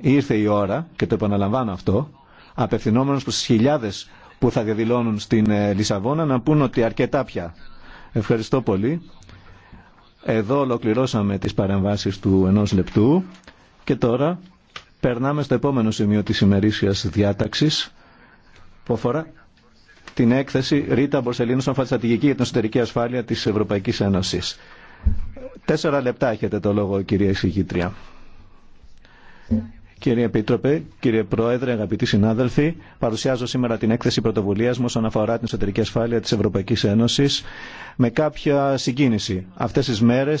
ήρθε η ώρα, και το επαναλαμβάνω αυτό, απευθυνόμενος προς τις χιλιάδες που θα διαδηλώνουν στην ε, Λισαβόνα να πούν ότι αρκετά πια. Ευχαριστώ πολύ. Εδώ ολοκληρώσαμε τις παρεμβάσεις του ενός λεπτού και τώρα περνάμε στο επόμενο σημείο της ημερήσιας διάταξης που αφορά την έκθεση Ρίτα Μπορσελίνου σαν για την εσωτερική ασφάλεια της Ευρωπαϊκής Ένωσης. Τέσσερα λεπτά έχετε το λόγο κυρία εισηγήτρια. Κύριε Επίτροπε, κύριε Πρόεδρε, αγαπητοί συνάδελφοι, παρουσιάζω σήμερα την έκθεση πρωτοβουλία μου όσον αφορά την εσωτερική ασφάλεια τη Ευρωπαϊκή Ένωση με κάποια συγκίνηση. Αυτέ τι μέρε,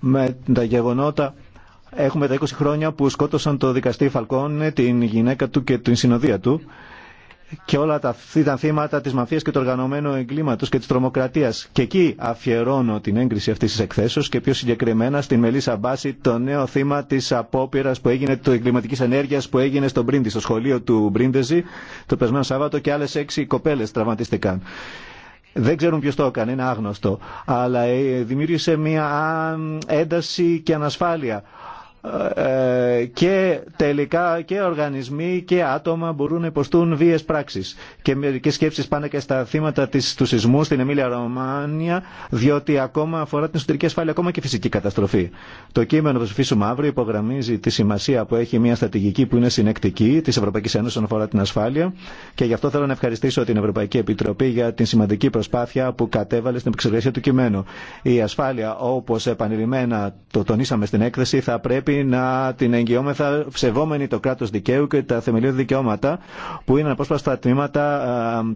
με τα γεγονότα, έχουμε τα 20 χρόνια που σκότωσαν το δικαστή Φαλκόνε, την γυναίκα του και την συνοδεία του και όλα τα ήταν θύματα της μαφίας και του οργανωμένου εγκλήματος και της τρομοκρατίας. Και εκεί αφιερώνω την έγκριση αυτής της εκθέσεως και πιο συγκεκριμένα στην Μελίσσα Μπάση το νέο θύμα της απόπειρα που έγινε, του εγκληματικής ενέργειας που έγινε στον Μπρίντι, στο σχολείο του Μπρίντεζη το περασμένο Σάββατο και άλλες έξι κοπέλες τραυματίστηκαν. Δεν ξέρουν ποιο το έκανε, είναι άγνωστο, αλλά ε, δημιούργησε μια ένταση και ανασφάλεια ε, και τελικά και οργανισμοί και άτομα μπορούν να υποστούν βίες πράξεις. Και μερικές σκέψεις πάνε και στα θύματα της, του σεισμού στην Εμίλια Ρωμάνια, διότι ακόμα αφορά την εσωτερική ασφάλεια, ακόμα και φυσική καταστροφή. Το κείμενο που ψηφίσουμε αύριο υπογραμμίζει τη σημασία που έχει μια στρατηγική που είναι συνεκτική της Ευρωπαϊκής Ένωσης όσον αφορά την ασφάλεια και γι' αυτό θέλω να ευχαριστήσω την Ευρωπαϊκή Επιτροπή για την σημαντική προσπάθεια που κατέβαλε στην επεξεργασία του κειμένου. Η ασφάλεια, όπως επανειλημμένα το τονίσαμε στην έκθεση, θα πρέπει πρέπει να την εγγυόμεθα ψευόμενη το κράτο δικαίου και τα θεμελιώδη δικαιώματα που είναι αναπόσπαστα τμήματα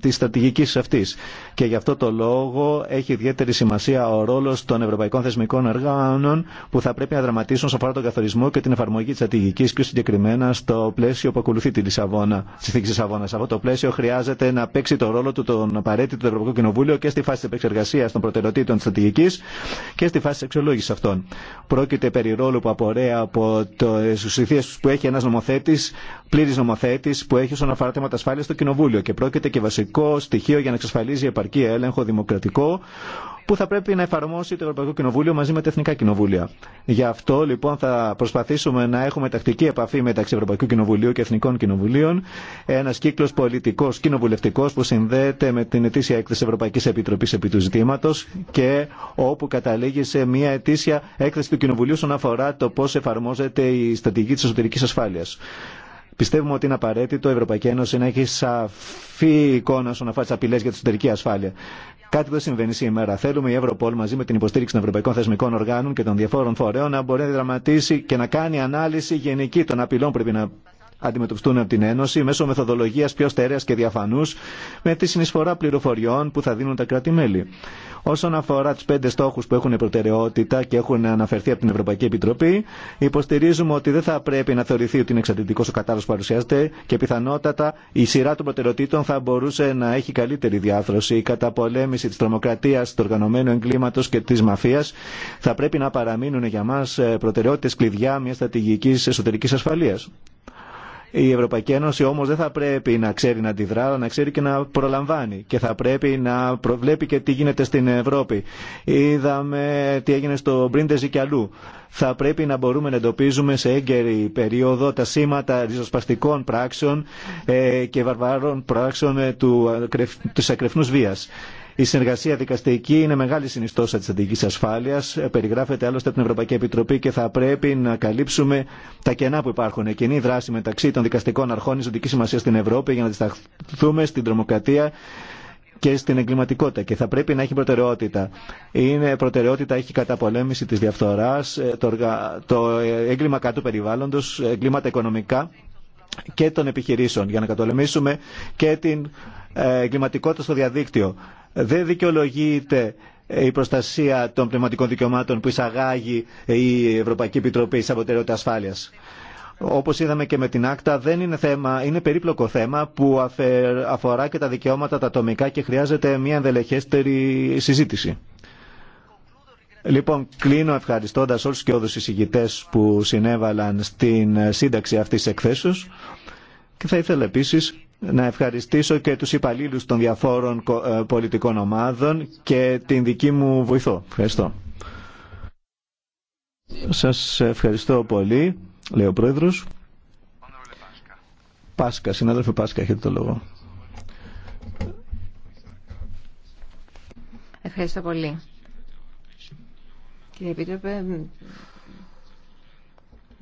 τη στρατηγική αυτή. Και γι' αυτό το λόγο έχει ιδιαίτερη σημασία ο ρόλο των ευρωπαϊκών θεσμικών οργάνων που θα πρέπει να δραματίσουν σε αφορά τον καθορισμό και την εφαρμογή τη στρατηγική και συγκεκριμένα στο πλαίσιο που ακολουθεί τη Λισαβόνα, τη θήκη Λισαβόνα. Σε αυτό το πλαίσιο χρειάζεται να παίξει το ρόλο του τον απαραίτητο του Ευρωπαϊκό Κοινοβούλιο και στη φάση τη επεξεργασία των προτεραιοτήτων τη στρατηγική και στη φάση τη αξιολόγηση αυτών. Πρόκειται περί ρόλου που απορρέει από το ηθίες που έχει ένας νομοθέτης, πλήρης νομοθέτης που έχει όσον αφορά θέματα ασφάλεια στο Κοινοβούλιο και πρόκειται και βασικό στοιχείο για να εξασφαλίζει επαρκή έλεγχο δημοκρατικό που θα πρέπει να εφαρμόσει το Ευρωπαϊκό Κοινοβούλιο μαζί με τα Εθνικά Κοινοβούλια. Γι' αυτό λοιπόν θα προσπαθήσουμε να έχουμε τακτική επαφή μεταξύ Ευρωπαϊκού Κοινοβουλίου και Εθνικών Κοινοβουλίων. Ένα κύκλο πολιτικό κοινοβουλευτικό που συνδέεται με την ετήσια έκθεση Ευρωπαϊκή Επιτροπή επί του ζητήματο και όπου καταλήγει σε μια ετήσια έκθεση του Κοινοβουλίου στον αφορά το πώ εφαρμόζεται η στρατηγική τη εσωτερική ασφάλεια. Πιστεύουμε ότι είναι απαραίτητο η Ευρωπαϊκή Ένωση να έχει σαφή εικόνα όσον αφορά τι απειλέ για την εσωτερική ασφάλεια. Κάτι που δεν συμβαίνει σήμερα. Θέλουμε η Ευρωπόλ μαζί με την υποστήριξη των Ευρωπαϊκών Θεσμικών Οργάνων και των διαφόρων φορέων να μπορεί να δραματίσει και να κάνει ανάλυση γενική των απειλών που πρέπει να αντιμετωπιστούν από την Ένωση μέσω μεθοδολογία πιο στέρεα και διαφανού με τη συνεισφορά πληροφοριών που θα δίνουν τα κράτη-μέλη. Όσον αφορά του πέντε στόχου που έχουν προτεραιότητα και έχουν αναφερθεί από την Ευρωπαϊκή Επιτροπή, υποστηρίζουμε ότι δεν θα πρέπει να θεωρηθεί ότι είναι εξαρτητικό ο κατάλληλο που παρουσιάζεται και πιθανότατα η σειρά των προτεραιοτήτων θα μπορούσε να έχει καλύτερη διάθρωση. Η καταπολέμηση τη τρομοκρατία, του οργανωμένου εγκλήματο και τη μαφία θα πρέπει να παραμείνουν για μα προτεραιότητε κλειδιά μια στρατηγική εσωτερική ασφαλεία. Η Ευρωπαϊκή Ένωση όμω δεν θα πρέπει να ξέρει να αντιδρά, αλλά να ξέρει και να προλαμβάνει και θα πρέπει να προβλέπει και τι γίνεται στην Ευρώπη. Είδαμε τι έγινε στο Μπρίντεζι και αλλού. Θα πρέπει να μπορούμε να εντοπίζουμε σε έγκαιρη περίοδο τα σήματα ριζοσπαστικών πράξεων ε, και βαρβάρων πράξεων ε, του, ε, της βία. Η συνεργασία δικαστική είναι μεγάλη συνιστόσα τη αντική ασφάλεια. Περιγράφεται άλλωστε από την Ευρωπαϊκή Επιτροπή και θα πρέπει να καλύψουμε τα κενά που υπάρχουν. Κοινή δράση μεταξύ των δικαστικών αρχών ζωτική σημασία στην Ευρώπη για να αντισταθούμε στην τρομοκρατία και στην εγκληματικότητα και θα πρέπει να έχει προτεραιότητα. Είναι προτεραιότητα έχει καταπολέμηση της διαφθοράς, ε, το, το ε, έγκλημα κάτω περιβάλλοντος, ε, εγκλήματα οικονομικά και των επιχειρήσεων για να κατολεμήσουμε και την ε, εγκληματικότητα στο διαδίκτυο. Δεν δικαιολογείται ε, η προστασία των πνευματικών δικαιωμάτων που εισαγάγει ε, η Ευρωπαϊκή Επιτροπή σε Ασφάλεια. Ασφάλειας. Όπως είδαμε και με την άκτα, δεν είναι θέμα, είναι περίπλοκο θέμα που αφορά και τα δικαιώματα τα ατομικά και χρειάζεται μια ενδελεχέστερη συζήτηση. Λοιπόν, κλείνω ευχαριστώντα όλου και όλου εισηγητέ που συνέβαλαν στην σύνταξη αυτή τη εκθέσεω και θα ήθελα επίση να ευχαριστήσω και τους υπαλλήλους των διαφόρων ε, πολιτικών ομάδων και την δική μου βοηθό. Ευχαριστώ. Σας ευχαριστώ πολύ, λέει ο Πάσκα, συνάδελφε Πάσκα, έχετε το λόγο. Ευχαριστώ πολύ. Κύριε Επίτροπε,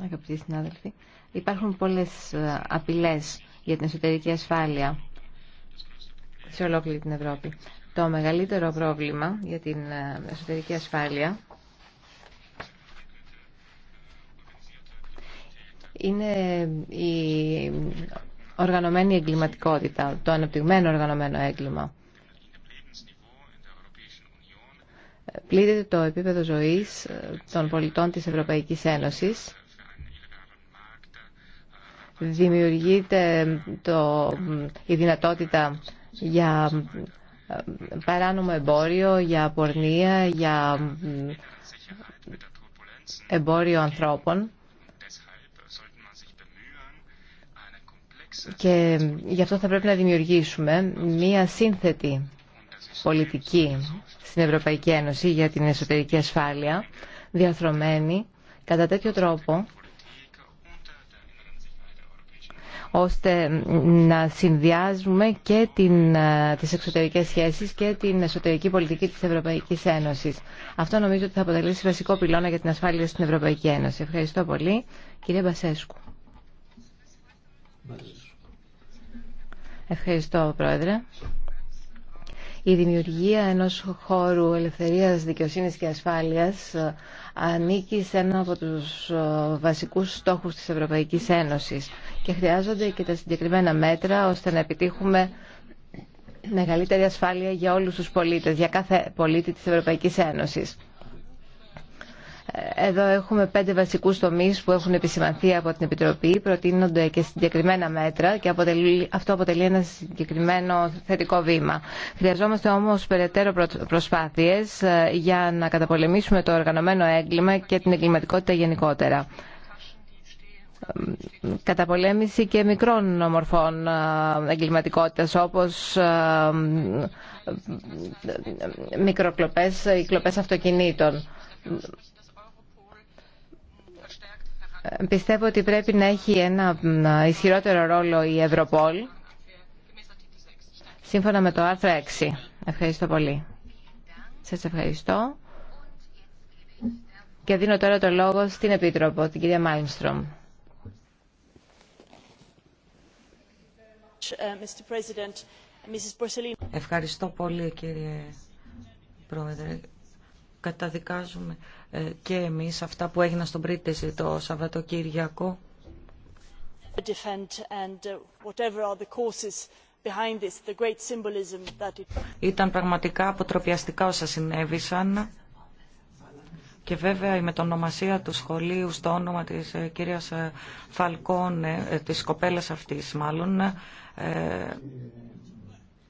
αγαπητοί συνάδελφοι, υπάρχουν πολλές ε, απειλές για την εσωτερική ασφάλεια σε ολόκληρη την Ευρώπη. Το μεγαλύτερο πρόβλημα για την ε, εσωτερική ασφάλεια είναι η οργανωμένη εγκληματικότητα, το αναπτυγμένο οργανωμένο έγκλημα. πλήττεται το επίπεδο ζωής ε, των πολιτών της Ευρωπαϊκής Ένωσης δημιουργείται το, η δυνατότητα για ε, παράνομο εμπόριο, για πορνεία, για εμπόριο ανθρώπων. Και γι' αυτό θα πρέπει να δημιουργήσουμε μία σύνθετη πολιτική στην Ευρωπαϊκή Ένωση για την εσωτερική ασφάλεια διαθρωμένη κατά τέτοιο τρόπο ώστε να συνδυάζουμε και την, ε, τις εξωτερικές σχέσεις και την εσωτερική πολιτική της Ευρωπαϊκής Ένωσης. Αυτό νομίζω ότι θα αποτελέσει βασικό πυλώνα για την ασφάλεια στην Ευρωπαϊκή Ένωση. Ευχαριστώ πολύ. Κύριε Μπασέσκου. Ευχαριστώ, Πρόεδρε. Η δημιουργία ενός χώρου ελευθερίας, δικαιοσύνης και ασφάλειας ε, ανήκει σε ένα από τους ε, βασικούς στόχους της Ευρωπαϊκής Ένωσης και χρειάζονται και τα συγκεκριμένα μέτρα ώστε να επιτύχουμε μεγαλύτερη ασφάλεια για όλους τους πολίτες, για κάθε πολίτη της Ευρωπαϊκής Ένωσης. Εδώ έχουμε πέντε βασικούς τομείς που έχουν επισημανθεί από την Επιτροπή, προτείνονται και συγκεκριμένα μέτρα και αποτελεί, αυτό αποτελεί ένα συγκεκριμένο θετικό βήμα. Χρειαζόμαστε όμως περαιτέρω προσπάθειες ε, για να καταπολεμήσουμε το οργανωμένο έγκλημα και την εγκληματικότητα γενικότερα καταπολέμηση και μικρών μορφών ε, εγκληματικότητας όπως ε, μικροκλοπές ή κλοπές αυτοκινήτων. Πιστεύω ότι πρέπει να έχει ένα ισχυρότερο ρόλο η Ευρωπόλ σύμφωνα με το άρθρο 6. Ευχαριστώ πολύ. Σας ευχαριστώ. Και δίνω τώρα το λόγο στην Επίτροπο, την κυρία Μάλμστρομ. Ευχαριστώ πολύ κύριε Πρόεδρε καταδικάζουμε ε, και εμείς αυτά που έγιναν στον Πρίτεση το Σαββατοκύριακο. Uh, Ήταν πραγματικά αποτροπιαστικά όσα συνέβησαν και βέβαια η μετονομασία του σχολείου στο όνομα της ε, κυρίας ε, Φαλκόνε, της κοπέλας αυτής μάλλον,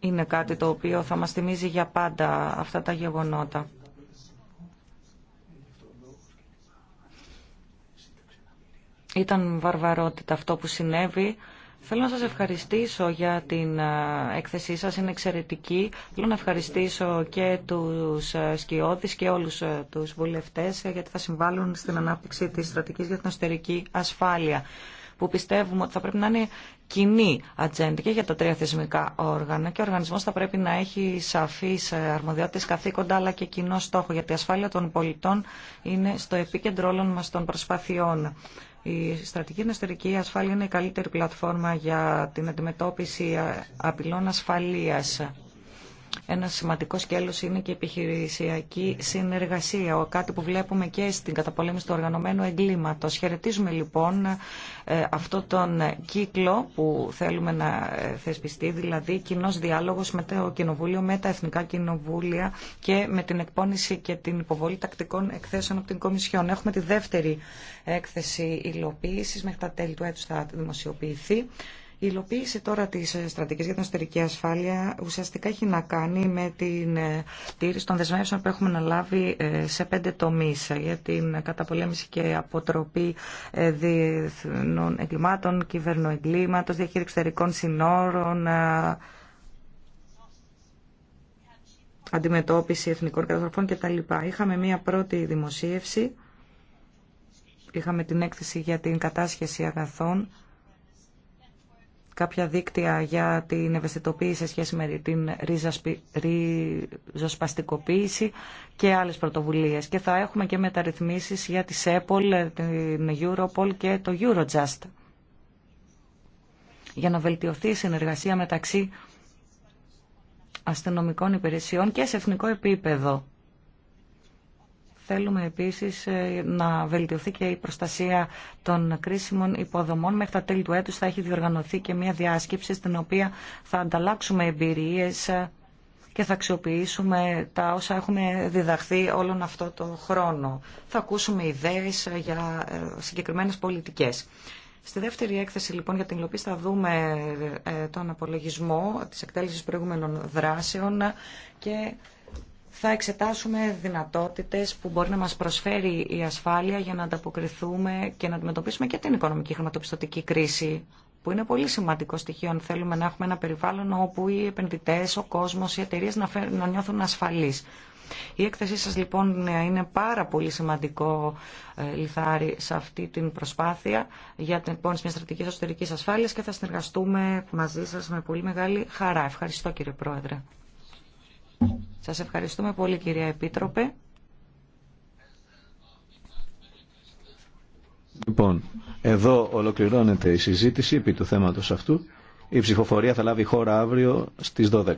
είναι κάτι το οποίο θα μας θυμίζει για πάντα αυτά τα γεγονότα. Ήταν βαρβαρότητα αυτό που συνέβη. Θέλω να σας ευχαριστήσω για την έκθεσή σας, είναι εξαιρετική. Θέλω να ευχαριστήσω και τους σκιώδεις και όλους τους βουλευτές ε, γιατί θα συμβάλλουν στην ανάπτυξη της στρατηγικής για την αστερική ασφάλεια που πιστεύουμε ότι θα πρέπει να είναι κοινή ατζέντη και για τα τρία θεσμικά όργανα και ο οργανισμός θα πρέπει να έχει σαφείς ε, αρμοδιότητες, καθήκοντα αλλά και κοινό στόχο γιατί η ασφάλεια των πολιτών είναι στο επίκεντρο όλων μα των προσπαθειών. Η στρατηγική εσωτερική ασφάλεια είναι η καλύτερη πλατφόρμα για την αντιμετώπιση απειλών ασφαλείας ένα σημαντικό σκέλος είναι και η επιχειρησιακή συνεργασία, κάτι που βλέπουμε και στην καταπολέμηση του οργανωμένου εγκλήματος. Χαιρετίζουμε λοιπόν ε, αυτό τον κύκλο που θέλουμε να ε, θεσπιστεί, δηλαδή κοινό διάλογος με το Κοινοβούλιο, με τα Εθνικά Κοινοβούλια και με την εκπόνηση και την υποβολή τακτικών εκθέσεων από την Κομισιόν. Έχουμε τη δεύτερη έκθεση υλοποίηση, μέχρι τα τέλη του έτους θα δημοσιοποιηθεί. Η υλοποίηση τώρα τη ε, στρατηγική για την εσωτερική ασφάλεια ουσιαστικά έχει να κάνει με την ε, τήρηση των δεσμεύσεων που έχουμε να λάβει ε, σε πέντε τομεί για την καταπολέμηση και αποτροπή διεθνών εγκλημάτων, κυβερνοεγκλήματο, διαχείριση εξωτερικών συνόρων, αντιμετώπιση εθνικών καταστροφών κτλ. Είχαμε μία πρώτη δημοσίευση, είχαμε την έκθεση για την κατάσχεση αγαθών κάποια δίκτυα για την ευαισθητοποίηση σε σχέση με την ριζοσπαστικοποίηση και άλλες πρωτοβουλίες. Και θα έχουμε και μεταρρυθμίσεις για τη ΣΕΠΟΛ, την Europol και το Eurojust για να βελτιωθεί η συνεργασία μεταξύ αστυνομικών υπηρεσιών και σε εθνικό επίπεδο Θέλουμε επίσης ε, να βελτιωθεί και η προστασία των κρίσιμων υποδομών. Μέχρι τα τέλη του έτους θα έχει διοργανωθεί και μια διάσκεψη στην οποία θα ανταλλάξουμε εμπειρίες ε, και θα αξιοποιήσουμε τα όσα έχουμε διδαχθεί όλον αυτό το χρόνο. Θα ακούσουμε ιδέες ε, για συγκεκριμένες πολιτικές. Στη δεύτερη έκθεση λοιπόν για την υλοποίηση θα δούμε τον απολογισμό της εκτέλεσης προηγούμενων δράσεων και θα εξετάσουμε δυνατότητες που μπορεί να μας προσφέρει η ασφάλεια για να ανταποκριθούμε και να αντιμετωπίσουμε και την οικονομική χρηματοπιστωτική κρίση που είναι πολύ σημαντικό στοιχείο αν θέλουμε να έχουμε ένα περιβάλλον όπου οι επενδυτές, ο κόσμος, οι εταιρείες να, να νιώθουν ασφαλείς. Η έκθεσή σας λοιπόν είναι πάρα πολύ σημαντικό ε, λιθάρι σε αυτή την προσπάθεια για την επόμενη μιας στρατηγική εσωτερικής ασφάλειας και θα συνεργαστούμε μαζί σας με πολύ μεγάλη χαρά. Ευχαριστώ κύριε Πρόεδρε. Σας ευχαριστούμε πολύ κυρία Επίτροπε. Λοιπόν, εδώ ολοκληρώνεται η συζήτηση επί του θέματος αυτού. Η ψηφοφορία θα λάβει χώρα αύριο στις 12.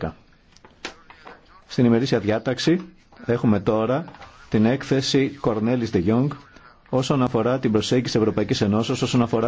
Στην ημερήσια διάταξη έχουμε τώρα την έκθεση Κορνέλης Δε Γιόγκ όσον αφορά την προσέγγιση Ευρωπαϊκής Ενώσεως, όσον αφορά